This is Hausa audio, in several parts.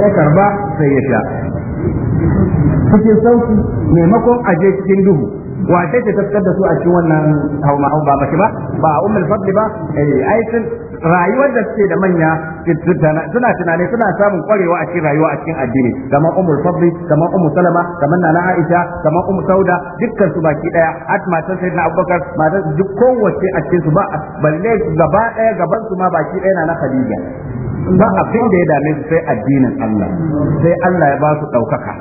sai ya karba sai ya sha cikin sauki maimakon aje cikin duhu wace ce tafkar da su a cikin wannan hauma ba mace ba ba umar fadli ba eh, ai rayuwar da suke da manya suna tunani suna samun kwarewa a cikin rayuwa a cikin addini kamar umar fadli kamar umar salama kamar nana aisha kamar umar sauda dukkan su baki daya at matan sai na abubakar matan duk kowace a cikin su ba balle gaba daya gaban su ma baki daya na khadija ba abin da ya dame su sai addinin Allah sai Allah ya ba su ɗaukaka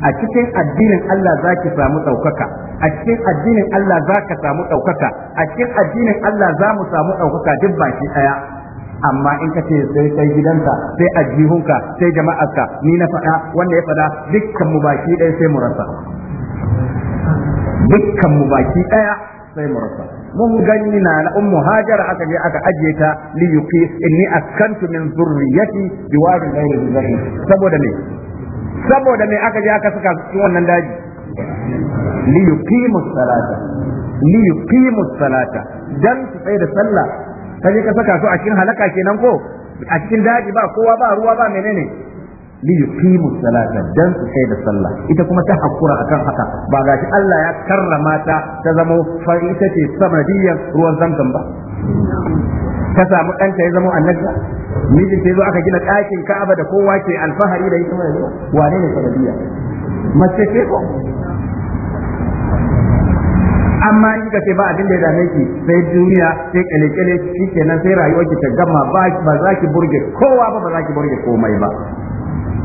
a cikin addinin Allah za ki samu ɗaukaka a cikin addinin Allah za ka samu ɗaukaka a cikin addinin Allah za mu samu ɗaukaka duk baki ɗaya amma in ka ce sai kai gidanka sai ajihunka sai jama'arka ni na faɗa wanda ya faɗa dukkan mu baki ɗaya sai mu rasa dukkan mu baki ɗaya sai mu rasa mun gani na na ummu hajar aka je aka ajiye ta li yuqi inni askantu min zurriyati biwarin ghairi zurri saboda me saboda me aka je aka saka su wannan daji li yuqimu salata li yuqimu salata dan su tsaye da sallah kaje ka saka su a cikin halaka kenan ko a cikin daji ba kowa ba ruwa ba menene li yuqimu salata dan su kai da sallah ita kuma ta hakura akan haka ba ga shi Allah ya karrama ta ta zama ita ce samadiyar ruwan zamzam ba ta samu ɗanta ya zama annabi mijin ta zo aka gina ɗakin Ka'aba da kowa ke alfahari da ita wane ne sanadiya mace ce ko amma in ka ce ba abin da ya dame ki sai duniya sai kele-kele shi kenan sai rayuwar ki ta gama ba za ki burge kowa ba ba za ki burge komai ba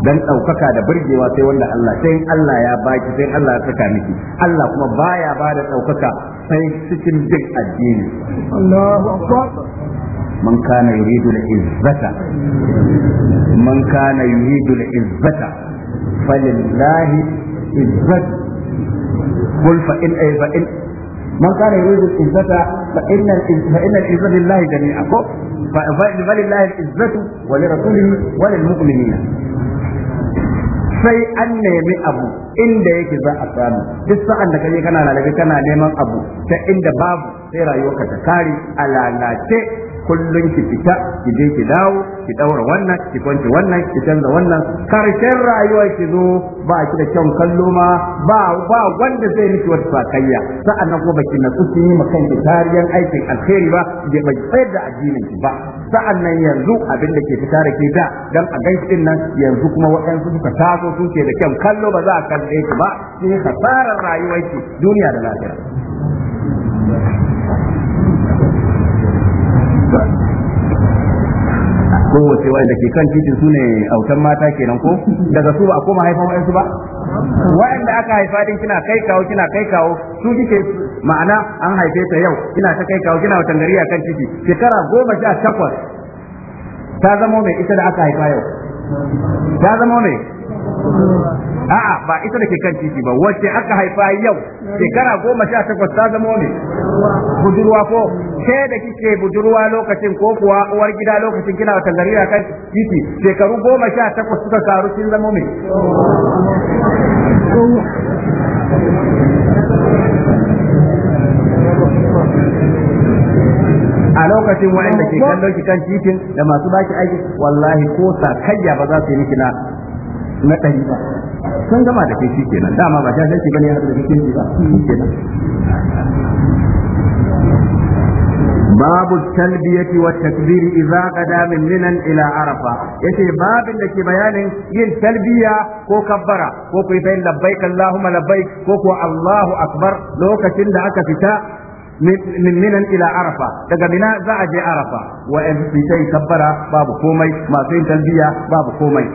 dan ɗaukaka da burgewa sai wanda Allah sai Allah ya baki sai Allah ya saka miki Allah kuma baya ba da ɗaukaka sai cikin duk addini Allahu akbar man kana yuridu al-izzata man kana yuridu al-izzata falillahi izzat qul fa in ay eh, fa in man kana yuridu al-izzata fa inna fa al-izzata lillahi jami'a فلله العزة ولرسوله وللمؤمنين sai an nemi abu inda yake za a samu duk sa'an da kaje kana lalabe kana neman abu ta inda babu sai rayuwarka ta kare a lalace kullum ki fita ki je ki dawo ki daura wannan ki kwanci wannan ki canza wannan karshen rayuwa ki zo ba ki da kyan kallo ma ba ba wanda zai miki wata sakayya sa'annan ko baki na kin yi makan ki tariyan aikin alheri ba ki bai tsayar da addinin ki ba sa'annan yanzu abin da ke fita da ke da dan a gaishe nan yanzu kuma waɗansu suka taso suke da kyan kallo ba za a kalle ki ba sai hasarar rayuwar ki duniya da lafiya kowace wanda ke kan titin su ne autan mata kenan ko daga su ba a koma haifan wa'ansu ba wa'anda aka haifa din kina kai kawo kina kai kawo su kike ma'ana an haife ta yau kina ta kai kawo kina watan gari a kan titi shekara goma sha takwas ta zama mai ita da aka haifa yau ta zama mai a'a ba ita da ke kan titi ba wacce aka haifa yau shekara goma sha takwas ta zama ne budurwa ko ke da kike budurwa lokacin ko kuwa uwar gida lokacin kina wata gari a kan titi shekaru goma sha takwas suka karu sun zama ne a lokacin wa'anda ke kallon ki kan titin da masu baki aiki wallahi ko sakayya ba za su yi miki na na ɗari ba sun gama da kai kenan dama ba ta zai bane ya haɗu da kai shi ba kenan babu talbiyati wa takbir idza qada min minan ila arafa yace babin da ke bayanin yin talbiya ko kabbara ko kai labai labbaik allahumma labbaik ko ko allahu akbar lokacin da aka fita min minan ila arafa daga mina za a je arafa wa in fitai kabbara babu komai masu yin talbiya babu komai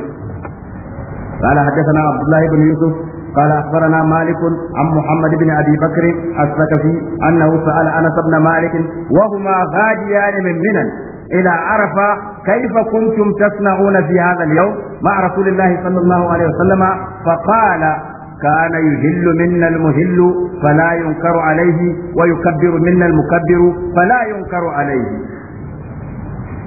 قال حدثنا عبد الله بن يوسف قال اخبرنا مالك عن محمد بن ابي بكر الثقفي انه سال انس بن مالك وهما غاديان من منن الى عرفه كيف كنتم تصنعون في هذا اليوم مع رسول الله صلى الله عليه وسلم فقال كان يهل منا المهل فلا ينكر عليه ويكبر منا المكبر فلا ينكر عليه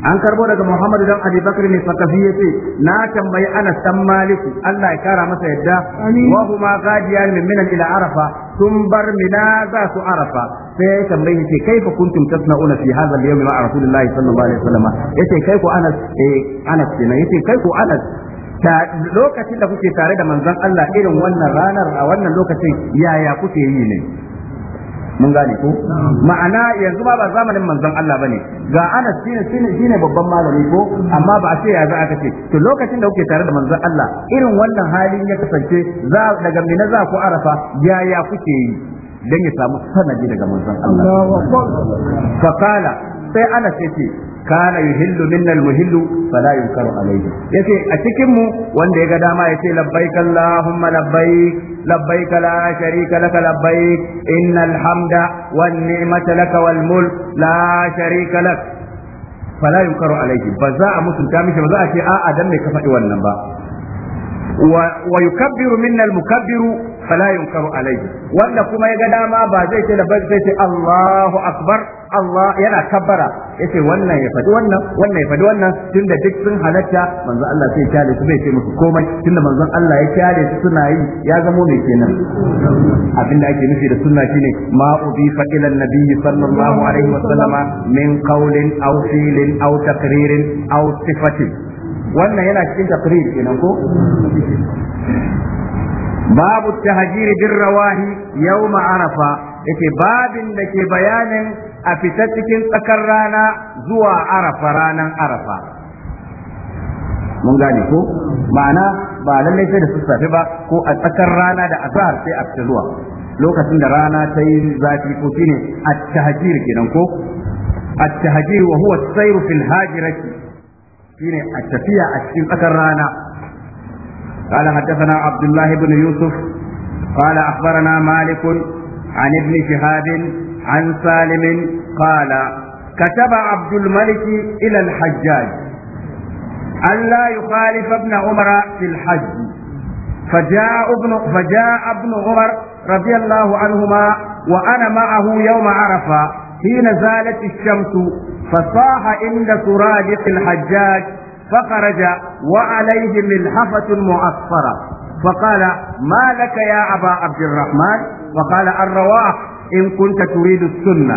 an karbo daga Muhammadu dan Abi Bakr ne fakafi yace na tambayi Anas dan Malik Allah ya kara masa yadda wa huma gadiyan min minan ila Arafa sun bar mina za su Arafa sai ya tambayi yace kaifa kuntum tasna'una fi hadha al-yawm ma Rasulullah sallallahu alaihi wasallam yace kai ku Anas eh Anas kenan yace kai ku Anas lokacin da kuke tare da manzon Allah irin wannan ranar a wannan lokacin yaya kuke yi ne mun gane ko ma'ana yanzu ba ba zamanin manzon Allah bane ga Anas shine shine shine babban malami ko amma ba a ce ya za aka ce to lokacin da kuke tare da manzon Allah irin wannan halin ya kasance za daga mina za ku arafa ya ya kuke yi dan ya samu sanadi daga manzon Allah fa sai Anas yace kana yuhillu minna almuhillu fala yunkaru alayhi yace a cikin mu wanda ya ga dama ya ce allahumma labbaik labbaik la sharika laka labbaik innal hamda wan ni'mata laka wal mulk la sharika lak fala ba za a mutunta mishi ba za a ce a'a dan me ka faɗi wannan ba wa yukabbiru minna almukabbiru fala yunkaru alayhi wanda kuma ya ga dama ba zai ce da ba zai ce Allahu akbar Allah yana kabbara yace wannan ya fadi wannan wannan ya fadi wannan tunda duk sun halatta manzo Allah sai kyale su bai ce musu komai tunda manzo Allah ya kyale su suna yi ya zamo mai kenan Abin da ake nufi da sunna shine ma ubi udifa ila nabiyyi sallallahu alaihi wasallama min qawlin aw fi'lin aw taqririn aw sifatin wannan yana cikin taqrir kenan ko babu tahajiri bin rawahi yau arafa yake babin da ke bayanin a fita cikin tsakar rana zuwa arafa arafa mun gane ko ma'ana ba lallai sai da sassafe ba ko a tsakar rana da azhar sai a fita zuwa lokacin da rana ta yi zafi ko shine at-tahjir kenan ko at-tahjir wa huwa as-sayr fil hajirati shine a tafiya a cikin tsakar rana قال حدثنا عبد الله بن يوسف قال أخبرنا مالك عن ابن شهاب عن سالم قال كتب عبد الملك إلى الحجاج ألا يخالف ابن عمر في الحج فجاء ابن فجاء ابن عمر رضي الله عنهما وأنا معه يوم عرفة حين زالت الشمس فصاح عند سرادق الحجاج فخرج وعليه ملحفة معصفرة فقال ما لك يا أبا عبد الرحمن فقال الرواح إن كنت تريد السنة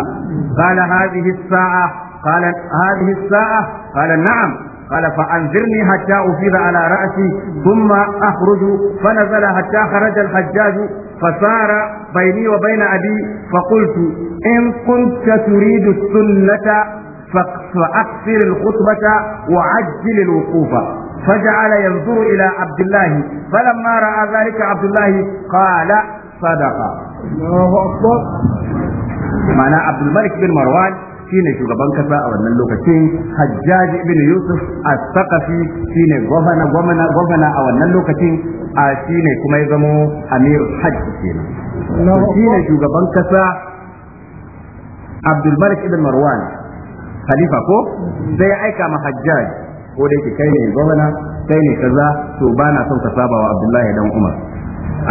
قال هذه الساعة قال هذه الساعة قال نعم قال فأنذرني حتى أفيض على رأسي ثم أخرج فنزل حتى خرج الحجاج فصار بيني وبين أبي فقلت إن كنت تريد السنة فأقصر الخطبة وعجل الوقوف فجعل ينظر إلى عبد الله فلما رأى ذلك عبد الله قال صدق الله أكبر معنى عبد الملك بن مروان shine shugaban kasa a wannan lokacin hajjaji ibn yusuf as-saqafi shine gwamna gwamna gwamna a wannan lokacin a shine kuma ya zamo amir hajj kenan shine shugaban kasa abdul malik ibn marwan khalifa ko sai ya aika ma hajjaj ko da yake kai ne gwamna kai ne kaza to ba na son ka saba wa abdullahi dan umar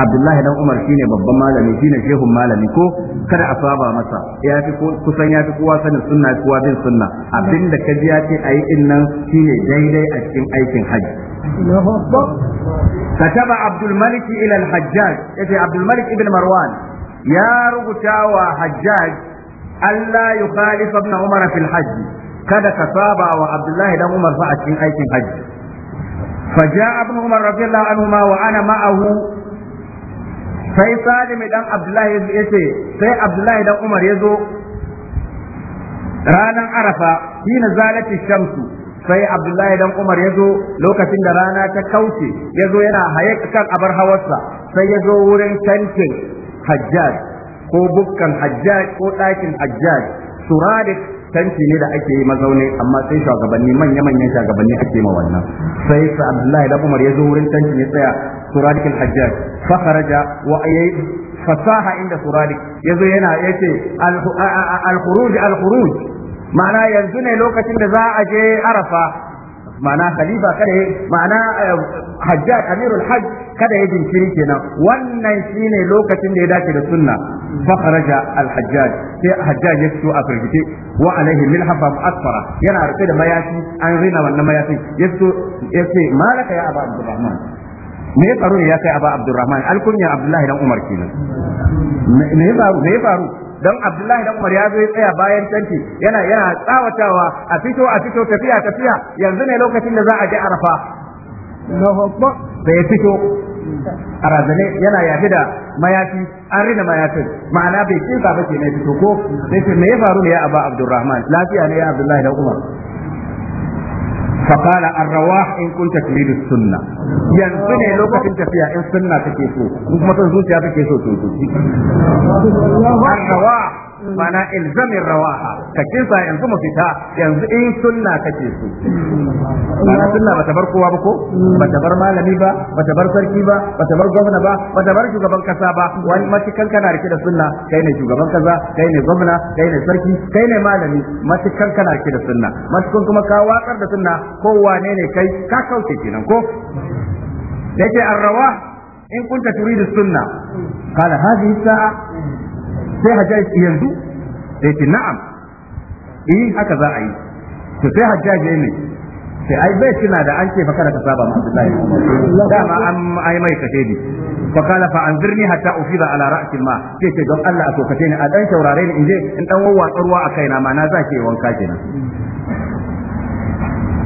abdullahi dan umar shine babban malami shine shehun malami ko kada a saba masa ya fi kusan ya fi kowa sanin sunna kowa bin sunna abinda ka ji ya ce ayi din nan shine daidai a cikin aikin hajji كتب عبد الملك إلى الحجاج يتي عبد الملك ابن مروان يا رغتاوى حجاج Allah ya khalifa ibn Umar fil hajj kada ka saba wa Abdullahi dan Umar fa a cikin aikin hajji فجاء ابن عمر رضي الله wa ana معه sai salimi dan abdullahi ya ce sai abdullahi dan umar ya zo ranar arafa hina zalati shamsu sai abdullahi dan umar ya zo lokacin da rana ta kauce ya zo yana haye kan abar hawarsa sai ya zo wurin tantin hajjaj ko bukkan hajjaj ko ɗakin hajjaj suradik tanki ne da ake yi mazaune amma sai shugabanni manya manyan shugabanni ake ma wannan sai sa Abdullahi da Umar ya zo wurin tanki ne tsaya suradik hajjaj fa kharaja wa ayi fasaha inda suradik yazo yana yace al-khuruj al-khuruj ma'ana yanzu ne lokacin da za a je Arafa ma'ana khalifa kada ya ma'ana eh, hajjaj amirul hajj kada ya jinkiri kenan wannan shine lokacin da ya dace da sunna fa kharaja al hajjaj sai hajjaj ya fito a firgice wa alaihi milhafa asfara yana rufe da mayafi an rina wannan mayafi. ya fito ya ce malaka ya aba abdurrahman me ya faru ne ya kai aba abdurrahman alkunya abdullahi dan umar kenan me ya faru me ya faru don Abdullahi dan Umar ya zo ya tsaya bayan tanti yana yana tsawatawa a fito a fito tafiya tafiya yanzu ne lokacin da za a je Arafa Na Akbar da ya fito a razane yana yafi da mayafi an rina mayafin ma'ana bai kinsa ba ke na fito ko sai ce me ya faru ne ya Aba Abdulrahman lafiya ne ya Abdullahi dan Umar فقال in ان كنت تريد sunna, yanzu ne lokacin tafiya in sunna take so kuma tun zuciya take so to to mana ilzamin rawaha ka kinsa yanzu mu fita yanzu in sunna kake so mana sunna bata bar kowa ba ko bata bar malami ba bata bar sarki ba bata bar gwamna ba bata bar shugaban kasa ba wani matukan kana rike da sunna kai ne shugaban kaza kai ne gwamna kai ne sarki kai ne malami matukan kana rike da sunna matukan kuma ka wakar da sunna ko wane ne kai ka kauce kenan ko yake arrawa in kunta turidu sunna kala هذه sa'a. sai hajjaj yanzu sai ce na'am eh haka za a yi to sai hajjaj ya ne sai ai bai tuna da an ce fa kada ka saba ma Abdullahi dama an ai mai ne fa kala fa anzirni hatta ufida ala ra'si ma sai ce don Allah a sokace ni a dan shaurare ni inje in dan wawwatsa ruwa a kaina ma na zake wanka kenan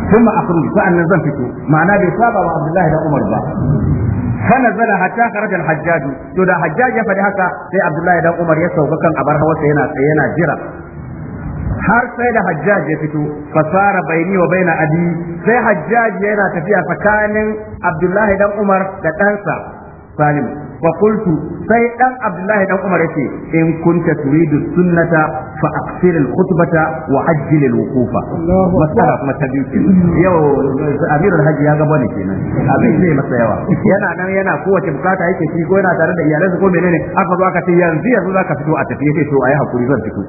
ثم أخرج فأنا fito معناه bai عبد الله بن عمر بقى فنزل hatta خرج الحجاج to da hajjaji ya faɗi haka sai Abdullahi dan Umar ya sauka kan abar hawarsa yana yana jira har sai da hajjaj ya fito fasara baini wa baina adi, sai hajjaj yana tafiya tsakanin Abdullahi dan Umar da ɗansa Salim fa qultu sai dan abdullahi dan umar yace in kunta turidu sunnata fa aqsir wa ajjil al wuqufa masala kuma ta biyu yau amirul hajji ya gaba ne kenan abin ne masa yawa yana nan yana kowace bukata yake shi ko yana tare da iyalansa ko menene aka zo aka ce yanzu yanzu zaka fito a tafi yace to ayi hakuri zan fito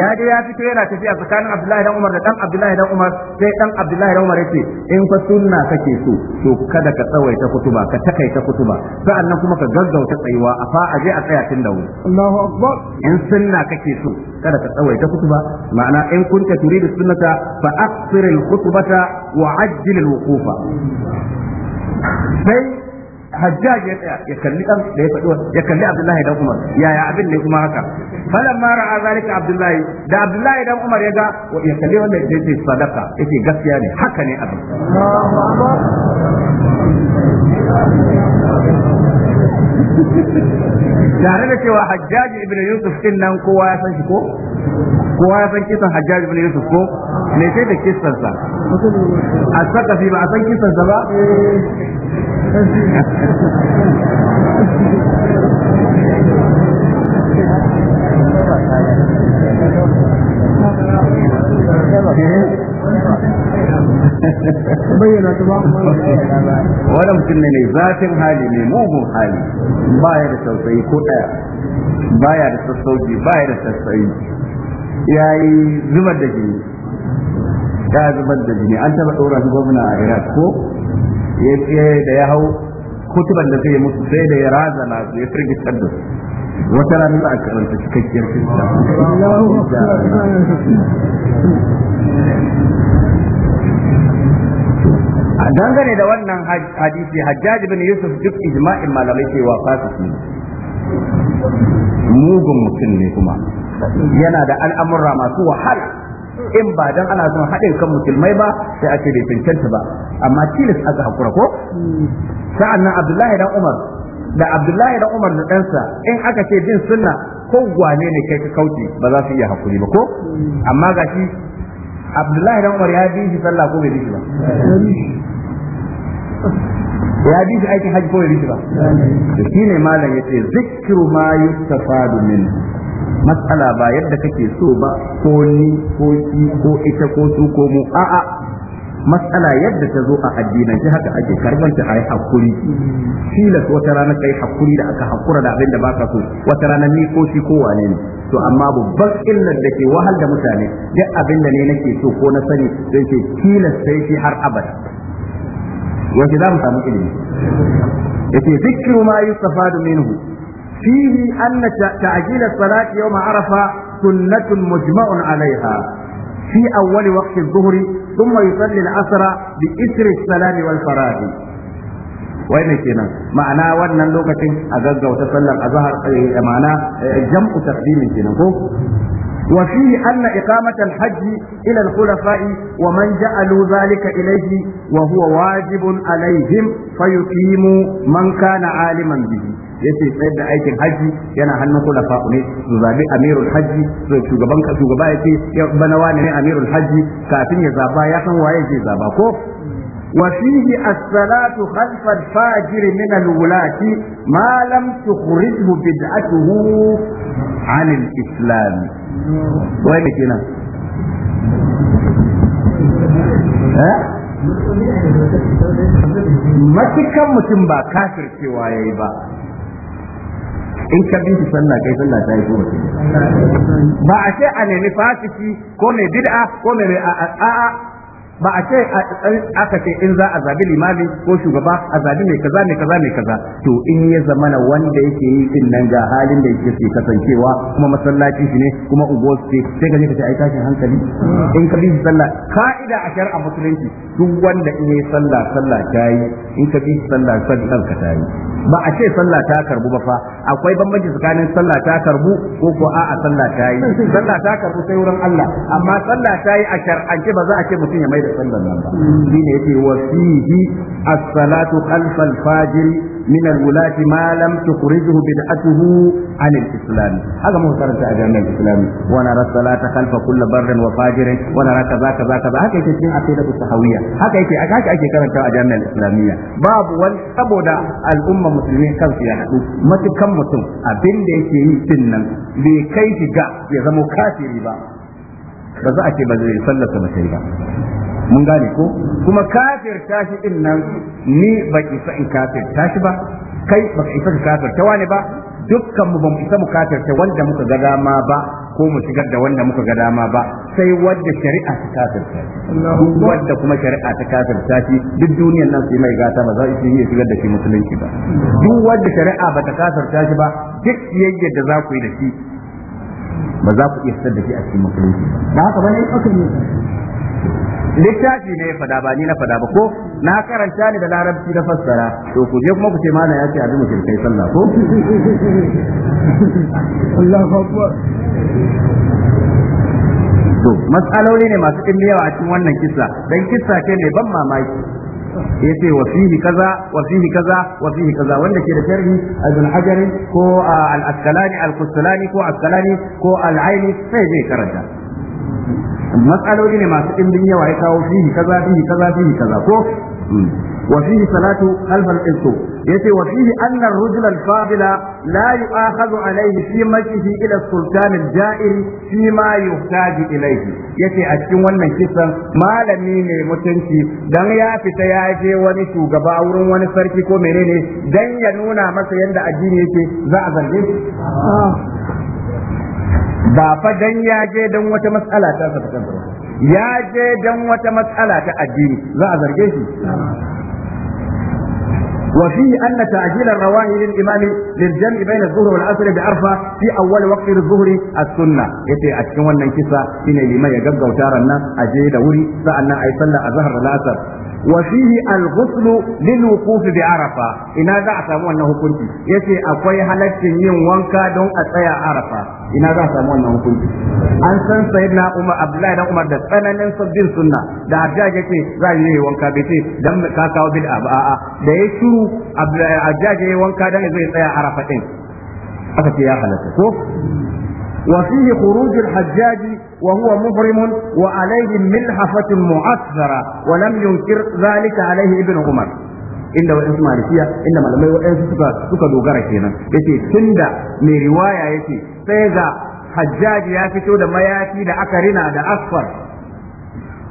ya je ya fito yana tafiya tsakanin abdullahi dan umar da dan abdullahi dan umar sai dan abdullahi dan umar yace in fa sunna kake so to kada ka tsawaita kutuba ka takaita kutuba sa'annan kuma ka gaggauta tsayuwa a fa je a tsaya tun da wuri Allahu akbar in sunna kake so kada ka tsawaita kutuba ma'ana in kunta turidu sunnata fa aqsir al khutbata wa ajjil al wuqufa sai hajjaj ya tsaya ya kalli dan da ya faɗi ya kalli abdullahi dan umar yaya abin ne kuma haka falan ma ra'a zalika abdullahi da abdullahi dan umar ya ga ya kalli wanda ya ce sadaka yake gaskiya ne haka ne abin tare da cewa hajjaji ibn yusuf din nan kowa ya san shi ko kowa ya san kisan hajjaji ibn yusuf ko me sai da kisan sa a saka fi ba a san kisan sa ba eh. bayyana ta ba wannan mutum ne mai zafin hali mai mugun hali baya da tausayi ko daya baya da sassauci baya da tausayi yayi zubar da jini ya zubar da jini an taba dora shi gwamna a Iraq ko yace da ya hau kutuban da zai musu sai da ya razana su ya firgita da su wata rana za a karanta cikakkiyar kisa dangane da wannan hadisi hajjaji bin yusuf duk ijma'in malamai cewa fasiki mugun mutum ne kuma yana da al'amurra masu wahala in ba dan ana son haɗin kan musulmai ba sai ake da bai cancanta ba amma tilas aka hakura ko Sa'an nan abdullahi dan umar da abdullahi dan umar da ɗansa in aka ce bin sunna ko wane ne kai ka kauce ba za su iya hakuri ba ko amma gashi abdullahi dan umar ya bi shi sallah ko bai bi shi ba ya bi shi aikin hajji ko ya shi ba shi ne malam ce zikru ma yustafadu min matsala ba yadda kake so ba ko ni ko ki ko ita ko su ko mu a'a matsala yadda ta zo a addinin shi haka ake karbanta a yi hakuri tilas wata rana kai hakuri da aka hakura da abinda da baka so wata rana ni ko shi ko wane ne to amma babban illar da ke wahal da mutane duk abin da ne nake so ko na sani zai ce tilas sai shi har abada yaushe za mu samu ilimi yace zikru ma yustafadu minhu fihi anna ta'jil as-salati yawm arafa sunnatun mujma'un 'alayha fi awwal waqti adh-dhuhri thumma yusalli al-'asra bi isri as-salam wal faradi wai ne kenan ma'ana wannan lokacin a gaggauta sallar azhar ma'ana jam'u taqdimin kenan ko وفيه أن إقامة الحج إلى الخلفاء ومن جعلوا ذلك إليه وهو واجب عليهم فيقيموا من كان عالما به yace sai da aikin haji yana hannun kulafa ne su zabi amirul haji su shugaban shugaba yace bana wani ne amirul haji kafin ya zaba ya san waye zai zaba ko وفيه الصلاة خلف الفاجر من الولاة ما لم تخرجه بدعته عن الإسلام وين كنا ها matukan mutum ba kafir cewa ya in ka su sallah kai sallah ta yi kuma ba a ce a nemi fasiki ko mai bid'a ko mai a'a ba a ce aka ce in za a zabi limami ko shugaba a zabi mai kaza mai kaza mai kaza to in ya zamana wanda yake yi din nan ga halin da yake ke kasancewa kuma masallaci shi ne kuma unguwar ce sai ka je ka ce ai tashin hankali in ka bi sallah ka'ida a shar'a musulunci duk wanda in yi sallah sallah ta yi in ka bi sallah sallah ka ta yi ba a ce sallah ta karbu ba fa akwai bambanci tsakanin sallah ta karbu ko ko a'a sallah ta yi sallah ta karbu sai wurin Allah amma sallah ta yi a shar'ance ba za a ce mutum ya mai da yi sallan nan ba shine yace wa fihi as-salatu khalfa al-fajir min al-wulat ma lam tukhrijuhu bid'atuhu an al-islam haka mun karanta a jami'ar islam wa nara salata khalfa kulli barrin wa fajirin wa nara kaza kaza kaza haka yake cikin aqidat as-sahawiyya haka yake haka ake karanta a jami'an islamiyya babu wani saboda al'umma musulmi kansu ya haɗu matukan mutum abin da yake yi din nan bai kai shi ga ya zama kafiri ba ba za a ce ba zai sallarsa ba sai ba mun gane ko kuma kafir tashi din nan ni ba isa in kafir tashi ba kai ba isa ka kafir ta wani ba dukkan mu bamu isa mu kafir ta wanda muka ga dama ba ko mu shigar da wanda muka ga dama ba sai wadda shari'a ta kafir ta wadda kuma shari'a ta kafir ta shi duk duniyar nan sai mai gata ba za su iya shigar da shi musulunci ba duk wadda shari'a ba ta kafir ta shi ba duk yayye da za ku yi da shi ba za ku iya sadda da shi a cikin musulunci ba haka bane littafi ne ya fada ba ni na fada ba ko na karanta ni da larabci da fassara to ku je kuma ku ce mana ya ce a mutum kai sallah ko Allahu akbar to matsaloli ne masu ɗin yawa a cikin wannan kissa dan kissa ke mai ban mamaki yace wa fihi kaza wa fihi kaza wa fihi kaza wanda ke da sharhi azul hajari ko al askalani al-qustalani ko askalani ko al-aini sai zai karanta matsaloli ne masu ɗimbin yawa ya kawo fihi kaza fihi kaza fihi kaza ko hmm. wa fihi salatu khalfal qibla yace wa fihi anna ar-rajula al-fadila la yu'akhadhu alayhi fi majlihi ila sultan al-ja'ir fi ma yuhtaju ilayhi yace a cikin wannan kisan malami ne mutunci dan ya fita ya je wani shugaba wurin wani sarki ko menene dan ya nuna masa yadda addini yake za a zarge shi ah. ba fa dan ya je dan wata matsala ta sa ta ya je dan wata matsala ta addini za a zarge shi وفيه أن تعجيل الرواهي للإمام للجمع بين الظهر والعصر بعرفة في أول وقت الظهر السنة يتي أتكون أن كسا إن الإمام يجب وتارا الناس أجيد وري سألنا أي صلى الظهر العصر وفيه الغسل للوقوف بعرفة إن ذا أسامو أنه كنت يتي أقوي حلت yin wanka don a tsaya arafa ina za a samu wannan hukunci an san sayyidina umar abdullahi dan umar da tsananin sabbin sunna da hajjaj yake za a yi wanka bai ce dan ka kawo bid'a ba a'a da ya shiru hajjaj yayi wanka dan zai tsaya arafa ɗin? aka ce ya halatta ko وفيه خروج الحجاج وهو محرم وعليه ملحفة مؤثرة ولم ينكر ذلك عليه ابن عمر inda wa'in su malikiya inda malamai wa'in su suka suka dogara kenan yace tunda mai riwaya ce. sai ga hajjaji ya fito da mayafi da aka rina da asfar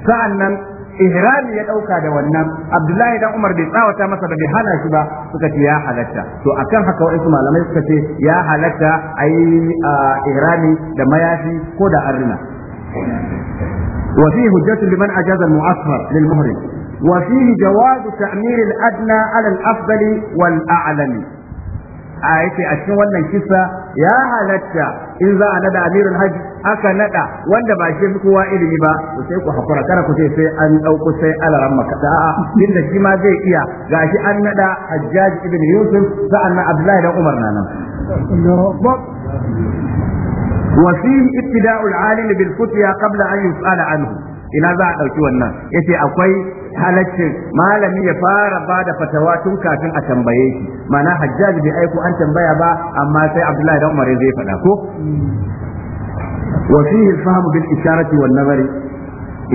sa'annan ihrami ya dauka da wannan abdullahi dan umar bai tsawata masa da bai hana shi ba suka ce ya halatta to akan haka wasu malamai suka ce ya halatta yi ihrami da mayafi ko da arna وفيه حجة لمن أجاز المعصفر للمهرم وفيه جواز تعمير الأدنى على الأفضل والأعلم a yace a cikin wannan kisa ya halatta in za a nada amirul Hajji aka nada wanda ba shi kowa ilimi ba to sai ku hakura kana ku ce sai an dauko sai alaran makata a'a inda shi ma zai iya gashi an nada hajjaj ibn yusuf na abdullahi dan umar nan وفيه ابتداء العالم بالفتيا قبل أن يسأل عنه ina za a ɗauki wannan yace akwai halaccin malami ya fara bada fatawa tun kafin a tambaye shi ma'ana hajjaj bai aiko an tambaya ba amma sai abdullahi dan umar zai faɗa ko Wasu fihi al-fahmu bil isharati wan nazari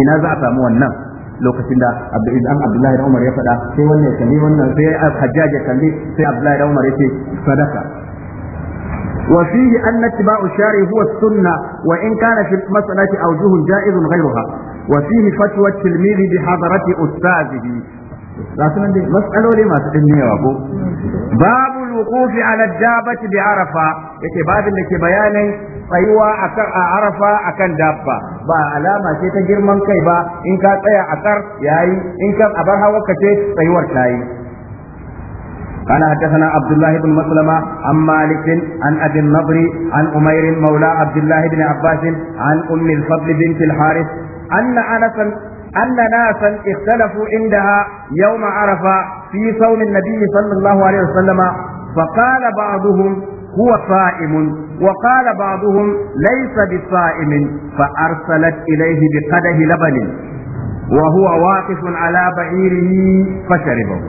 ina za a samu wannan lokacin da abdullahi abdullahi umar ya faɗa sai wannan ya kalli wannan sai hajjaji ya kalli sai abdullahi umar ya ce sadaka وفيه أن اتباع الشارع هو السنة وإن كان في المسألة أوجه جائز غيرها وفيه فتوى التلميذ بحضرة أستاذه مسألة لما تسميه باب الوقوف على الدابة بعرفة yake babin da ke bayanin tsayuwa akan a arafa akan dabba ba alama ce ta girman kai ba in ka tsaya a kar yayi in ka abar hawa ka ce tsayuwar tayi قال حدثنا عبد الله بن مسلمة عن مالك عن أبي النضر عن أمير مولى عبد الله بن عباس عن أم الفضل بنت الحارث أن أنس أن ناسا اختلفوا عندها يوم عرفة في صوم النبي صلى الله عليه وسلم فقال بعضهم هو صائم وقال بعضهم ليس بصائم فأرسلت إليه بقدح لبن وهو واقف على بعيره فشربه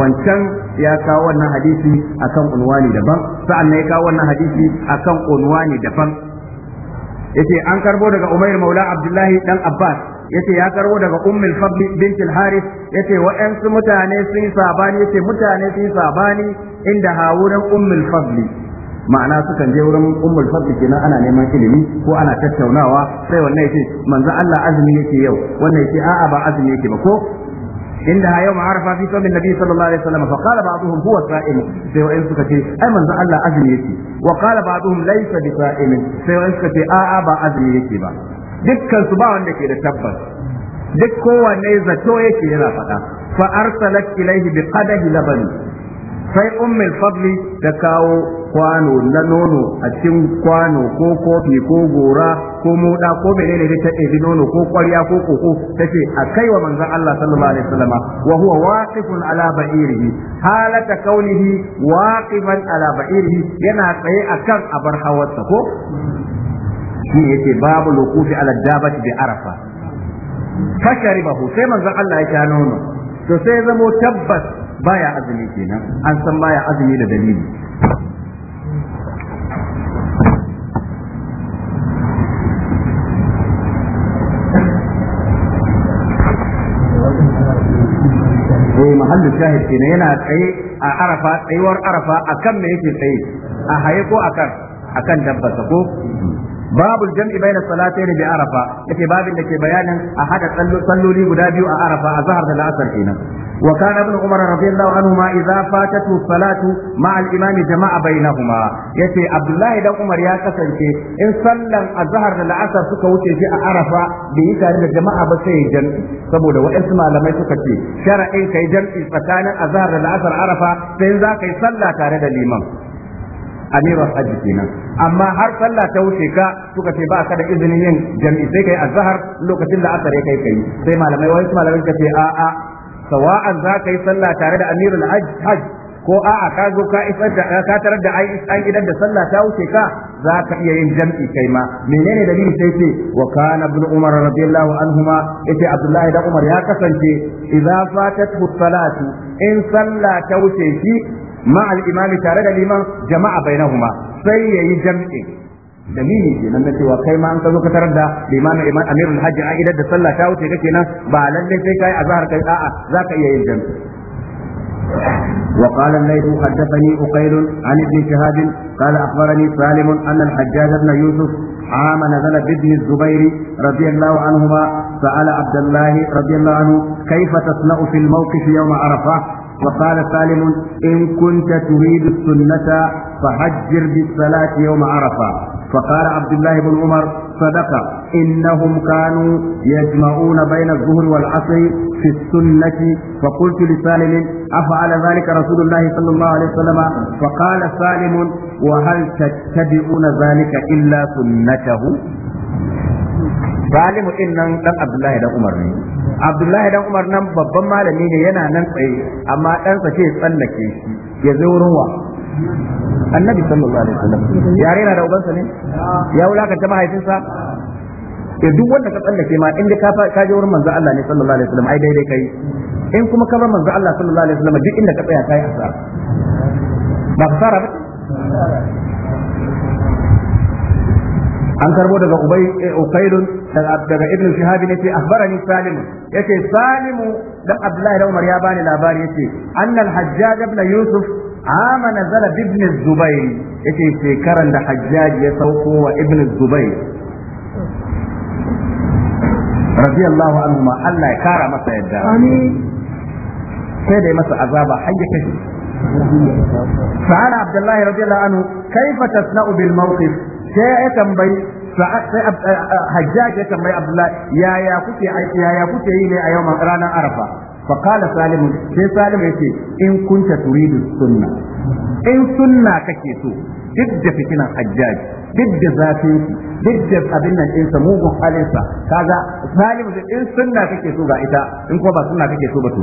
wancan ya kawo wannan hadisi akan unwani daban sa'an ya kawo wannan hadisi akan unwani daban yace an karbo daga Umair Maula Abdullahi dan Abbas yace ya karbo daga Ummul Fadl bint al-Harith yace wa'ansu mutane sun sabani yace mutane sun sabani inda hawuran Ummul Fadl ma'ana sukan je wurin ummul fadl kenan ana neman ilimi ko ana tattaunawa sai wannan yake manzo Allah azumi yake yau wannan yake a'a ba azumi yake ba ko inda ha yau ma'arafa fi sabbin nabi sallallahu alaihi wasallam fa qala ba'dhum huwa sa'im sai wa'in suka ce ai manzo Allah azumi yake wa qala ba'dhum laysa bi sa'im sai wa'in suka ce a'a ba azumi yake ba dukkan su ba wanda ke da tabbas duk kowanne zato yake yana fada fa arsalat ilayhi bi qadahi sai ummul fadli ta kawo kwano na nono a cikin kwano ko kofi ko gora ko moda ko menene da ta ɗebi nono ko kwarya ko koko ta ce a kai wa manzan Allah sallallahu alaihi wasallam wa huwa waqifun ala ba'irihi halata kaunihi waqifan ala ba'irihi yana tsaye akan abar hawarsa ko shi yake babu lukufi ala dabati bi arafa fasharibahu sai manzan Allah ya sha nono to sai zamo tabbas baya azumi kenan an san baya azumi da dalili mahallin shahid kenan yana tsaye a arafa tsayuwar arafa akan me yake tsaye a haye ko akan akan dabbasa ko babul jam'i bayna salatayn bi arafa yake babin da ke bayanin a hada salloli guda biyu a arafa a zahar da la'asar kenan wa kana ibn umar radiyallahu anhu ma idza fatatu salatu ma al imam jama'a bainahuma yace abdullahi dan umar ya kasance in sallan azhar da la'asar suka wuce shi a arafa bai yi tare da jama'a ba sai jam'i saboda waɗansu malamai suka ce shara'in kai jam'i tsakanin azhar da la'asar arafa sai za ka yi sallah tare da liman amirul hajji kenan amma har sallah ta wuce ka suka ce ba ka da izinin yin jami'i sai kai azhar lokacin da asar kai kai sai malamai wani malamai ka ce a a sawa'an za ka yi sallah tare da amirul Hajj? ko a'a ka zo ka isar da ka tarar da an idan da sallah ta wuce ka za ka iya yin jam'i kai ma menene dalili sai ce wa kana ibn umar radiyallahu anhuma yace abdullahi da umar ya kasance idza fatat salatu in sallah ta wuce shi مع الإمام تارة الإمام جماعة بينهما سيئي جمعي da nini ke nan na cewa kai ma an ka zo ka tarar da limami imam amirul hajji a idan da sallah ta wuce kake nan ba lallai sai kai azhar kai a'a zaka iya yin jami'i wa qala laysu haddathani uqayl an ibn shahab qala akhbarani salim an al hajjaj ibn yusuf ama nazala bi ibn zubayr radiyallahu anhuma sa'ala abdullah radiyallahu na kayfa tasna'u fil mawqif وقال سالم إن كنت تريد السنة فحجر بالصلاة يوم عرفة فقال عبد الله بن عمر صدق إنهم كانوا يجمعون بين الظهر والعصر في السنة فقلت لسالم أفعل ذلك رسول الله صلى الله عليه وسلم فقال سالم وهل تتبعون ذلك إلا سنته zalimu din nan dan abdullahi dan umar ne abdullahi dan umar nan babban malami ne yana nan tsaye amma sa ce tsallake shi ya zo wurin wa annabi sallallahu alaihi wasallam yare na da ubansa ne ya wulakanta mahaifinsa ya duk wanda ka tsallake ma inda ka ka je wurin manzo Allah ne sallallahu alaihi wasallam ai daidai kai in kuma ka bar manzo Allah sallallahu alaihi wasallam duk inda ka tsaya kai asara ba asara ba an karbo daga ubay eh, ukaidun daga ibn shihab ne ce akhbarani salim yace salim dan abdullahi da umar ya bani labari yace annal hajjaj ibn yusuf ama nazala bi ibn zubair yace shekaran da hajjaj ya sauko wa ibn zubair radiyallahu anhu ma Allah ya kara masa yadda sai dai masa azaba har ya kashe sa'ala abdullahi radiyallahu anhu kaifa tasna'u bil mawqif sai ya tambayi Sai eh, eh, hajjaj ya tambayi abdullahi yaya kuke yaya kuke yi ne a yau ranar arafa fa qala salim sai salim yace in kunta turidu sunna in sunna kake so duk da fitinan hajjaj duk da zafin duk da abin nan ɗinsa mugun halinsa kaga salim in sunna kake so ga ita in ko ba sunna kake so ba to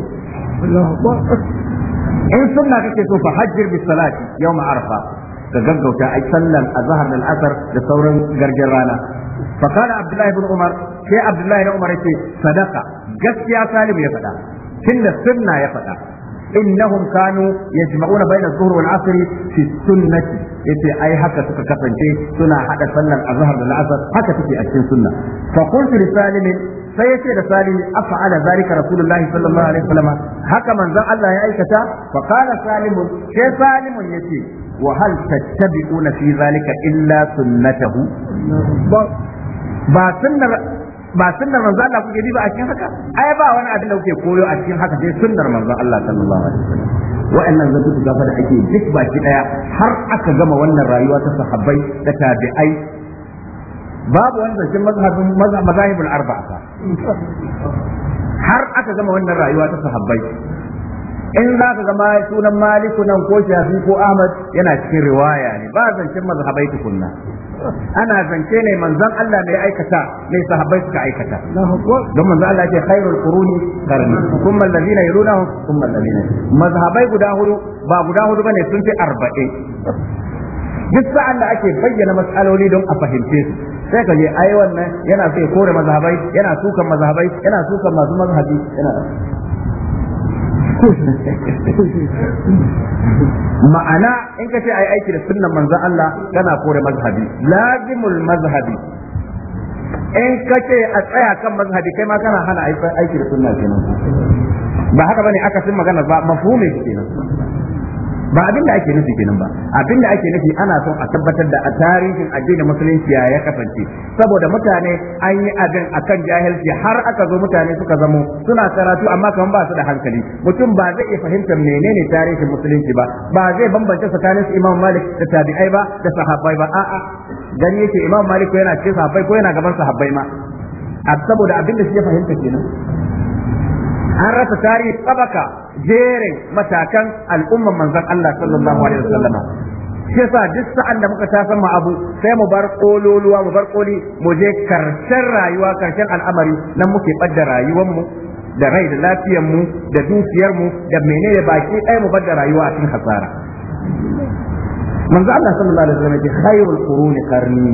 in sunna kake so fa hajjir bis salati yawm Arafa. ka gaggauta ai sallan azahar da asar da sauran gargin rana fakala abdullahi bin umar sai abdullahi na umar yace sadaka gaskiya salim ya faɗa tunda sunna ya faɗa innahum kanu yajma'una bayna adh-dhuhr wal 'asr fi sunnati yace ai haka suka kasance suna hada sallar azhar da asar haka take a cikin sunna fa qultu li salim sai yace da salim af'ala zalika rasulullahi sallallahu alaihi wasallam haka manzon Allah ya aikata fa qala salim sai salim yace wa hal tattabi'una fi zalika illa sunnatahu ba sunnar ba sunnar manzo Allah kuke bi ba a cikin haka ai ba wani abin da kuke koyo a cikin haka sai sunnar manzo Allah sallallahu alaihi wasallam wa'annan zantuka da ake duk baki daya har aka gama wannan rayuwa ta sahabbai da tabi'ai babu wani zancen mazhabin mazhabul arba'a har aka gama wannan rayuwa ta sahabbai in za ka zama sunan maliku nan ko shafi ko ahmad yana cikin riwaya ne ba zancen mazhabai tukunna ana zance ne manzon Allah mai aikata mai sahabbai suka aikata don manzon Allah ce khairul quruni qarni kuma allazina yalunahum kuma allazina mazhabai guda hudu ba guda hudu bane sun fi 40 duk sa'an da ake bayyana matsaloli don a fahimce su sai ka je ayi wannan yana sai kore mazhabai yana sukan mazhabai yana sukan masu mazhabi yana ma'ana in ka ce yi aiki da sunnan manzan Allah kana kore mazhabi lazimul mazhabi in ka ce a tsaya kan mazhabi kai ma kana hana aiki da sunna kenan ba haka bane aka sun magana ba mafhumi kenan ba abin da ake nufi kenan ba abin da ake nufi ana son a tabbatar da a tarihin addinin musulunci ya kasance saboda mutane an yi abin akan jahilci har aka zo mutane suka zamo suna karatu amma kan ba su da hankali mutum ba zai iya fahimtar menene tarihin musulunci ba ba zai bambance tsakanin su Imam Malik da tabi'ai ba da sahabbai ba a'a gani yake Imam Malik ko yana cikin sahabbai ko yana gaban sahabbai ma saboda abin da shi ya fahimta kenan an rasa tarihi tsabaka jerin matakan al'umman manzan Allah sallallahu alaihi wasallam shi yasa duk sa'an da muka tasan mu abu sai mu bar kololuwa mu bar koli mu je karshen rayuwa karshen al'amari nan muke badda rayuwar da rai da lafiyarmu da dukiyarmu da menene baki ɗaya mu badda rayuwa a cikin hasara manzo Allah sallallahu alaihi wasallam ya ce khairul quruni qarni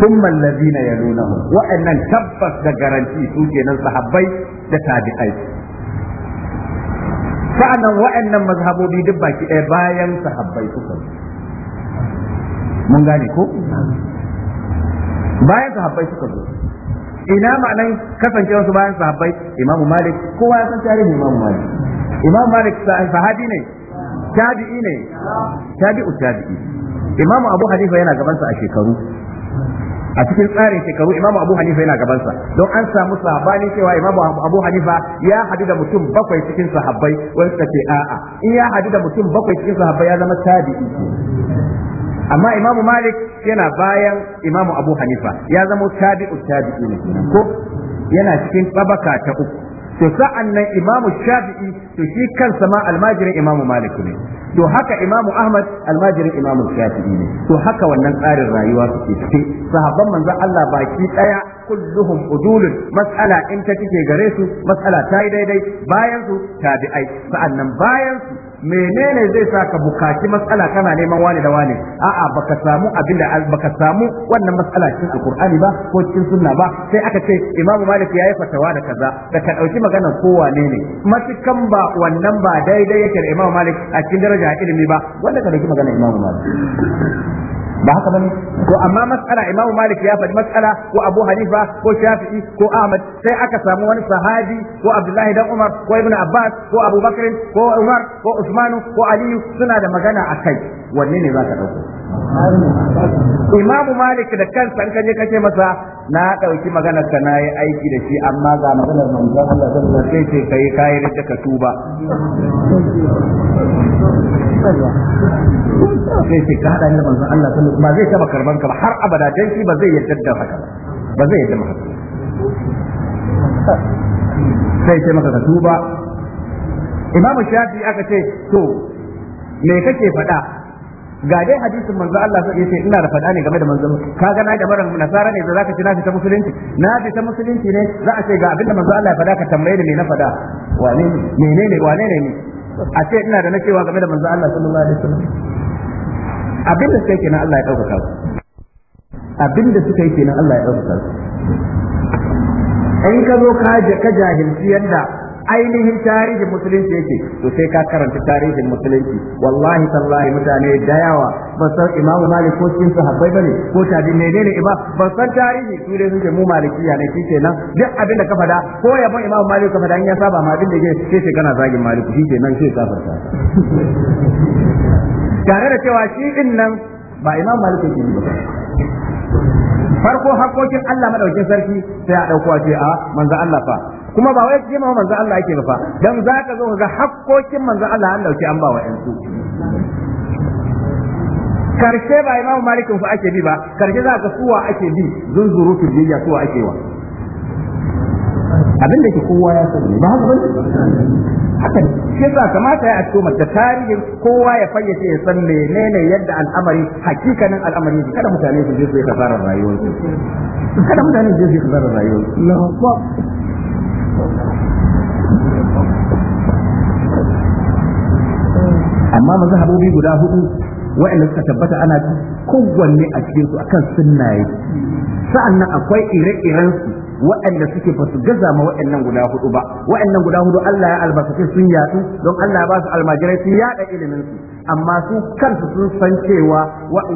ثم الذين يلونهم وان تبس ده garanti su kenan sahabbai da tabi'ai وان wa'annan دي duk baki ɗaya bayan sahabbai suka mun gane ko bayan sahabbai suka zo ina ma'anan kasance wasu bayan sahabbai Imam malik kowa ya san tarihi Imam malik Imam malik sahabi ne tabi'i ne tabi'u tabi'i imam abu hanifa yana gabansa a shekaru a cikin tsarin shekaru imamu abu hanifa yana gabansa don an samu sabani cewa imamu abu hanifa ya hadu da mutum bakwai cikin sahabbai wani suka ce a'a in ya hadu da mutum bakwai cikin sahabbai ya zama tabi'i amma imamu malik yana bayan imamu abu hanifa ya zama tabi'u tabi'i ne ko yana cikin tsabaka ta uku to sa'an nan imamu shafi'i to shi kansa ma almajirin imamu malik ne to haka imamu ahmad almajirin imamu shafi'i ne to haka wannan tsarin rayuwa suke sahaban sahabban manzon Allah baki daya kulluhum udulun mas'ala in ta take gare su mas'ala ta yi daidai bayan su tabi'ai sa'an nan bayan su menene zai sa ka bukaci matsala kana neman wani da wani a'a baka samu abin da baka samu wannan matsala cikin alkur'ani ba ko cikin sunna ba sai aka ce imam malik ya yi fatawa da kaza da ka dauki magana ko wane ne matukan ba wannan ba daidai yake da imam malik a cikin daraja ilimi ba wanda ka dauki magana imam malik ba haka bane to amma mas'ala Imam Malik ya faɗi mas'ala ko Abu Hanifa ko Shafi'i ko Ahmad sai aka samu wani sahabi ko Abdullahi dan Umar ko Ibn Abbas ko Abu Bakr ko Umar ko Usman ko Ali suna da magana a kai. wanne ne za ka dauko Imam Malik da kansa in kaje ce masa na ɗauki maganar ka nayi aiki da shi amma ga maganar manzo Allah sallallahu alaihi wasallam sai kai kai da ka tuba sai sai ka hada da manzo Allah sallallahu ba zai taba karban ka ba har abada dan shi ba zai yadda da haka ba zai yadda haka sai sai maka ka tuba imamu shafi aka ce to me kake faɗa ga dai hadisin manzo Allah sai yace ina da fada ne game da manzo ka ga na da maran nasara ne zai zaka ci nafi ta musulunci na ta musulunci ne za a ce ga abinda manzo Allah ya fada ka tambaye da me na fada wane ne menene wane ne a ce ina da na cewa game da manzo Allah sallallahu alaihi wasallam abinda sai kenan Allah ya dauka ku abinda suka yi kenan Allah ya dauka ku in ka zo ka jahilci yadda ainihin tarihin musulunci yake to sai ka karanta tarihin musulunci wallahi tallahi mutane da yawa ba san imam'u malik ko cikin sahabbai bane ko tabi menene ba ba san tarihi su dai suke mu malikiya ne shikenan duk abin da ka fada ko ban imam'u malik ka fada in ya saba ma abin da yake sai kana zagin malik shikenan sai kafarta tare da cewa shi din nan ba imam'u malik yake ba farko hakokin Allah madaukin sarki sai a dauko a ce a ah, manzo Allah fa kuma ba wai kima manzo Allah yake nufa dan zaka zo ga hakkokin manzo Allah an dauki an ba wa yansu karshe ba imamu malikin fa ake bi ba karshe za ka suwa ake bi zunzuru tu biyayya suwa ake wa abin da ke kowa ya sani ba haka bane haka shi sa kamata ya asko mata tarihin kowa ya fayyace ya san menene yadda al'amari hakikanin al'amari ne kada mutane su je su yi kasarar rayuwarsu kada mutane su je su yi kasarar rayuwarsu amma mazhabobi guda hudu waɗanda suka tabbata ana kowanne a cikin su akan sunna sa'an sa'annan akwai ire-iren su waɗanda suke ba su gaza ma waɗannan guda hudu ba waannan guda hudu Allah ya albarkace sun yatsu don Allah ya ba su almajirai sun yada ilimin su amma su kansu sun san cewa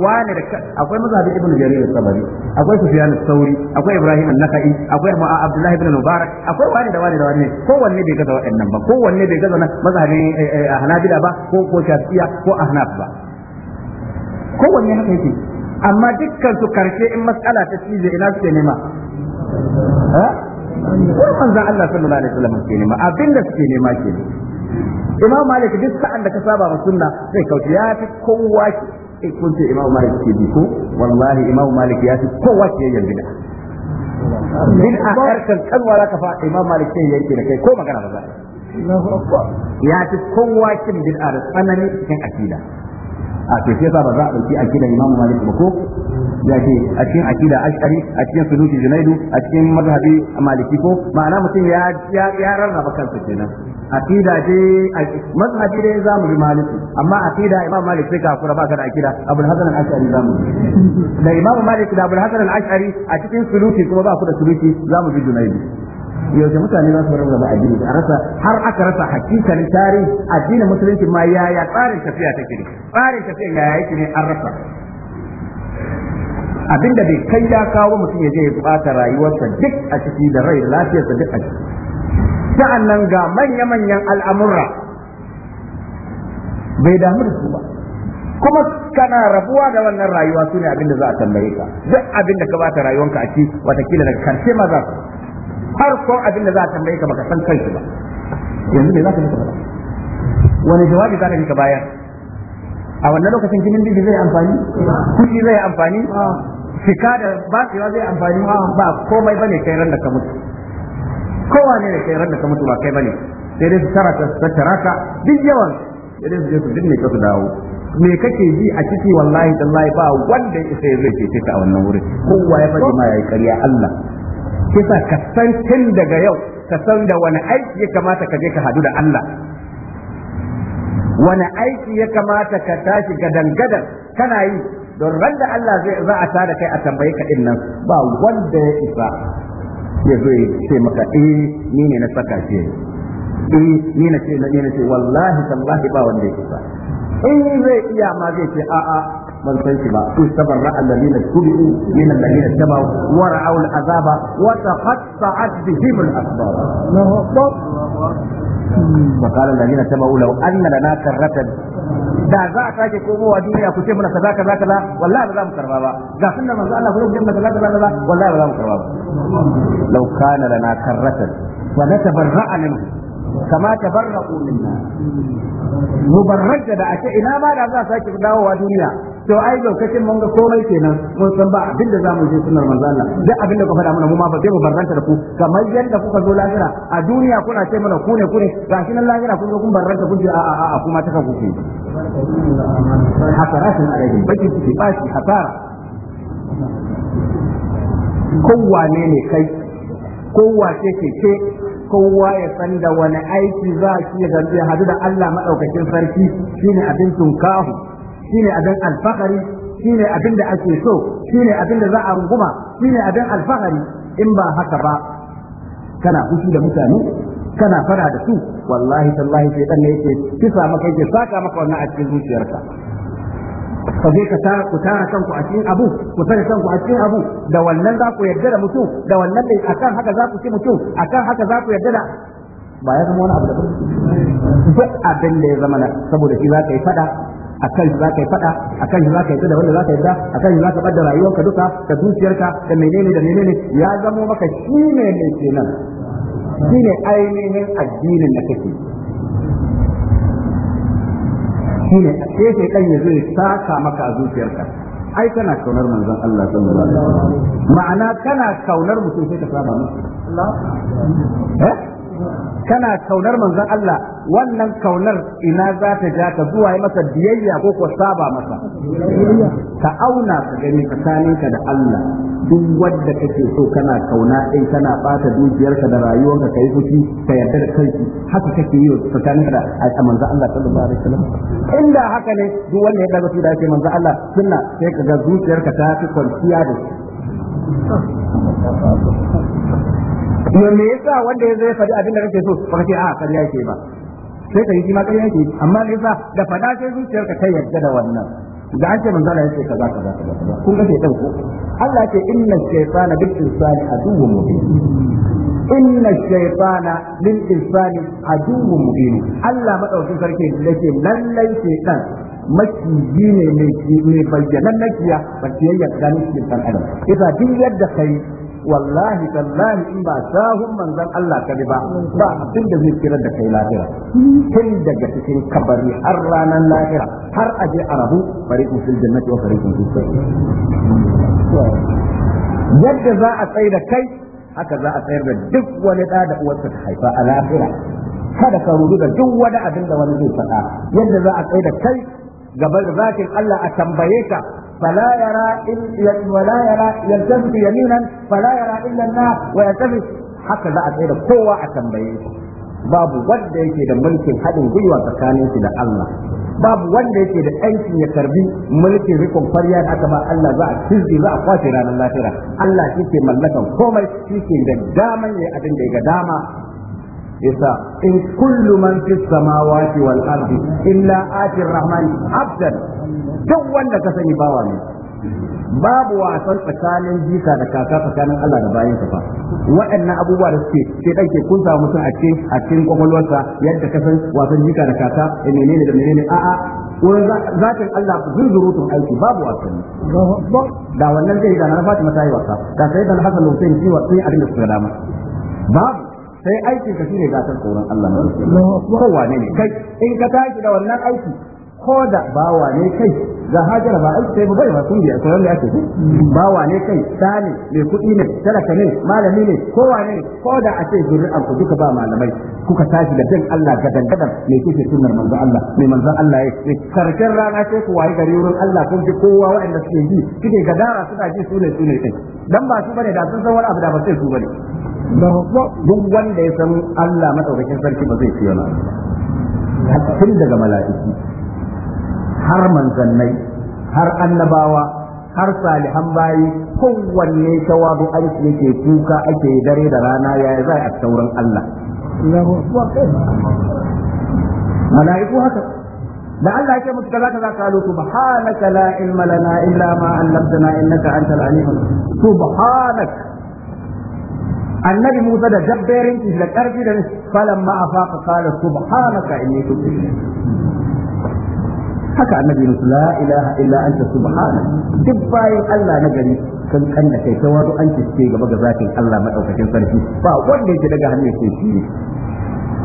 wane da akwai mazhabin ibnu jarir sabari akwai sufyan sauri akwai ibrahim an nakai akwai ma abdullah ibn mubarak akwai wane da wane da wane wanne bai gaza waɗannan ba Ko wanne bai gaza mazhabin eh, eh, eh, ahnabila ba ko ko shafi'a ko ahnaf ba wanne haka yake amma dukkan su karshe in mas'ala ta cije ina suke nema ko manzo Allah sallallahu alaihi wasallam ke nema abinda suke nema kenan imam malik duk sa'an da ka saba ma sunna sai kauce ya fi kowa ki eh, kun ce imam malik ke bi ko wallahi imam malik ya fi kowa ke yin bid'a bid'a harkan kalwa zaka fa imam malik sai yake da kai ko magana ba za ya fi kowa kin bid'a da tsanani cikin akida a ke sai ba za a dauki akida Imam Malik ba ko ya ce a cikin akida Ash'ari a cikin Sunusi Junaidu a cikin mazhabi Maliki ko ma'ana mutum ya ya rarraba kansa kenan aqida ce mazhabi dai zamu bi maliki amma aqida imam malik sai kafura baka da aqida abul hasan al-ash'ari zamu da imam malik da abul hasan al-ash'ari a cikin suluki kuma ba ku da suluki zamu bi junaidi yaushe mutane za su rabu da addini a rasa har aka rasa hakikalin tarihi addinin musulunci ma yaya tsarin tafiya take ne tsarin tafiya yaya yake ne an rasa abinda bai kai ya kawo mutum ya je ya bata rayuwarsa duk a ciki da rai da lafiyarsa duk a ciki sa'an nan ga manya-manyan al'amurra bai damu da su ba kuma kana rabuwa da wannan rayuwa su ne abinda za a tambaye ka duk abinda ka bata rayuwanka a ci watakila daga karshe ma za har ko abinda za a tambaye ka baka san kanshi ba yanzu me za ka yi ka wani jawabi za ka yi ka bayar a wannan lokacin jinin bibi zai amfani kuɗi zai amfani ah. shika da batsewa zai amfani ah. ba komai bane kai ran da ka mutu kowa ne da kai ran da ka mutu ba kai bane sai dai su tara ka su ka duk yawan sai dai su je su dinne ka su dawo me kake ji a ciki wallahi tallahi ba wanda ya sai zai cece ka a wannan wurin kowa ya faɗi ma yayi ƙarya Allah kisa ka san tun daga yau ka san da wani aiki ya kamata ka je ka hadu da Allah wani aiki ya kamata ka tashi gadan-gadan kana yi don ran da Allah zai za a tara kai a tambaye ka nan ba wanda ya isa ya zo ya ce maka eh ni ne na saka shi eh ni na ce na na ce wallahi tallahi ba wanda yake sa eh zai iya ma zai ce a'a ban san shi ba su sabar ra'al ladina tubu min alladina tabu wa ra'aw al'azaba wa taqatta'at bihim al-asbab Allahu akbar فقال الذين تبعوا لو أن لنا كرة da za a sake komowa duniya ku ce mana kaza kaza kaza wallahi ba za mu karba ba ga sunna manzo Allah ku ce mana kaza kaza kaza wallahi ba za mu karba ba law kana lana karratan wa natabarra'a minhu kama tabarraqu minna mubarraka da ake ina ma da za sake dawowa duniya to ai lokacin mun ga komai kenan mun san ba abin da zamu je sunnar manzo Allah duk abin da ku faɗa mana mu ma ba zai mu barranta da ku kamar yadda kuka zo lahira a duniya kuna ce mana ku ne ku ne gashi nan lahira kun zo kun barranta kun ce a a a kuma ta ka kuke hasaratun alaihim bakin ciki bashi hasara kowane ne kai kowace ce ce kowa ya san da wani aiki za shi ya hadu da Allah madaukakin sarki shine abin tunkahu shine abin alfahari shine abin da ake so shine abin da za a runguma shine abin alfahari in ba haka ba kana fushi da mutane kana fara da su wallahi tallahi sai dan ne yake kisa maka yake saka maka wannan a cikin zuciyarka ka je ka tara ku tara kanku a cikin abu ku tara kanku a cikin abu da wannan za ku yarda da mutum da wannan ne akan haka za ku ci mutum akan haka za ku yarda da ba ya zama wani abu da ba abin da ya zama na saboda shi za ka yi fada akan shi za ka yi fada akan shi za ka yi da wanda za ka yi da akan shi za ka bada rayuwarka duka da dukiyarka da menene da menene ya zama maka shi ne ne kenan shi ne ainihin addinin da kake shine sai sai kan ya zai saka maka a zuciyarka ai kana kaunar manzon Allah sallallahu alaihi wasallam ma'ana kana kaunar mutum sai ka saba masa eh kana kaunar manzon Allah wannan kaunar ina za ta ja ka zuwa yi masa biyayya ko ko saba masa ka auna ka gani tsakaninka da Allah duk wanda kake so kana kauna din kana bata dukiyarka da rayuwarka kai fushi ka yarda da kai haka kake yi tsakaninka da manzon Allah sallallahu alaihi wasallam inda haka ne duk wanda ya daga da kai manzon Allah sunna sai ka ga zuciyarka ta fi kwanciya da shi ne me yasa wanda ya zai faɗi abin da kake so ba kace a ah, ƙarya yake ba sai ka yi shi ma ƙarya yake amma me yasa da faɗa sai ka ta yarda da wannan da an ce manzo Allah yake kaza kaza kaza kun ga shaytan ko Allah ce inna shaytana bil insani aduwwun mubin inna shaytana bil insani aduwwun mubin Allah madaukin sarki yake lallai shaytan maciji ne mai bayyana nakiya ba ta yi ganin cikin ɗan adam ita duk yadda kai wallahi tallahi in ba sahun manzan Allah ka ba ba abin da zai kira da kai lahira tun daga cikin kabari har ranar lahira har aje arabu fariqun fil jannati wa fariqun fis yadda za a tsaye da kai haka za a tsayar da duk wani da da uwarsa ta haifa a lahira kada ka rudu duk wani abin da wani zai faɗa yadda za a tsaye da kai gaban zakin Allah a tambaye ka فلا يرى ولا يرى يلتفت يمينا فلا يرى الا النار ويلتفت حتى بعد الى قوه اتنبيه babu wanda yake da mulkin haɗin gwiwa tsakanin shi da Allah babu wanda yake da aikin ya karbi mulkin rikon farya da aka ba Allah za a kirji za a kwashe ranar lafira Allah shi ke mallakan komai shi ke da daman ya abin da ya ga dama yasa in kullu man fis samawati wal ardi rahman abdan duk wanda ka sani bawa ne babu wasan tsakanin jika da kaka tsakanin Allah da bayin fa waɗannan abubuwa da suke sai dan ke kun samu mutum a cikin a cikin kwakwalwarsa yadda ka san wasan jika da kaka da menene da menene a a wurin zakin Allah zurzurutun aiki babu wasan da wannan zai da na Fatima ta yi wasa da sai da Hassan Hussein shi wa sai abin da suka dama babu sai aikin ka shine gasar tsoron Allah kowa ne ne kai in ka tashi da wannan aiki ko da bawa ne kai za hajara ba aiki sai ba bai ba sun biya ko da ake ba wane kai ta ne mai kuɗi ne talaka ne malami ne Kowa ne ko da a ce zuri'an ku duka ba malamai kuka tashi da bin Allah gadan gadan me kuke sunnar manzo Allah me manzo Allah ya ce Karkar rana sai ku wayi gari wurin Allah kun ji kowa waɗanda suke ji kike gadara suna ji sune sune kai dan ba su bane da sun san wani abu da ba sai su bane duk wanda ya san Allah madaukakin sarki ba zai ciyo a tun daga mala'iki har manzannai har annabawa har salihan bayi kowanne tawadu an yake kuka ake dare da rana yaya za a sauran Allah mala'iku haka da Allah ya ce musu kaza kaza kalu subhanaka la ilma lana illa ma 'allamtana innaka antal alim subhanak annabi Musa da jabberin da karfi da falan ma afaqa qala subhanaka inni kuntu haka annabi Yunus la ilaha illa anta subhana duk bayan Allah na gari kan kan da kai sai wato an ce gaba ga zakin Allah madaukakin sarki ba wanda yake daga hannu sai shi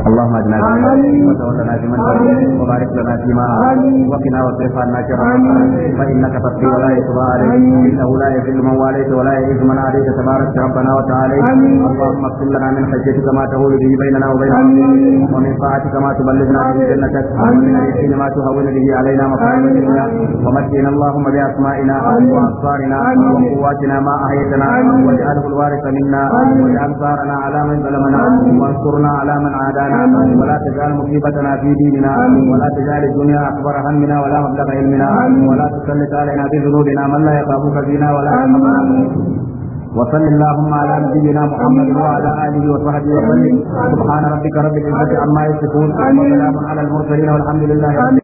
اللهم اجعلنا في من وتولنا في من وبارك لنا فيما وقنا واصرف عنا شر فانك تقضي ولا يقضى عليك انه لا يذل من واليت ولا يعز من عليك تبارك ربنا وتعالى اللهم اغفر لنا من خشيتك ما تهول به بيننا وبين ومن طاعتك ما تبلغنا به جنتك ومن اليقين ما تهون به علينا مصائب الدنيا ومتعنا اللهم باسمائنا وابصارنا وقواتنا ما احيتنا واجعله الوارث منا واجعل ثارنا على من ظلمنا وانصرنا على من عادانا آمين ولا تجعل مصيبتنا في ديننا آمين ولا تجعل الدنيا أكبر همنا ولا مبلغ علمنا آمين ولا تسلط علينا بذنوبنا من لا يخافك فينا ولا يرحمنا وصل اللهم على نبينا محمد وعلى اله وصحبه وسلم سبحان ربك رب العزه عما يصفون وسلام على المرسلين والحمد لله رب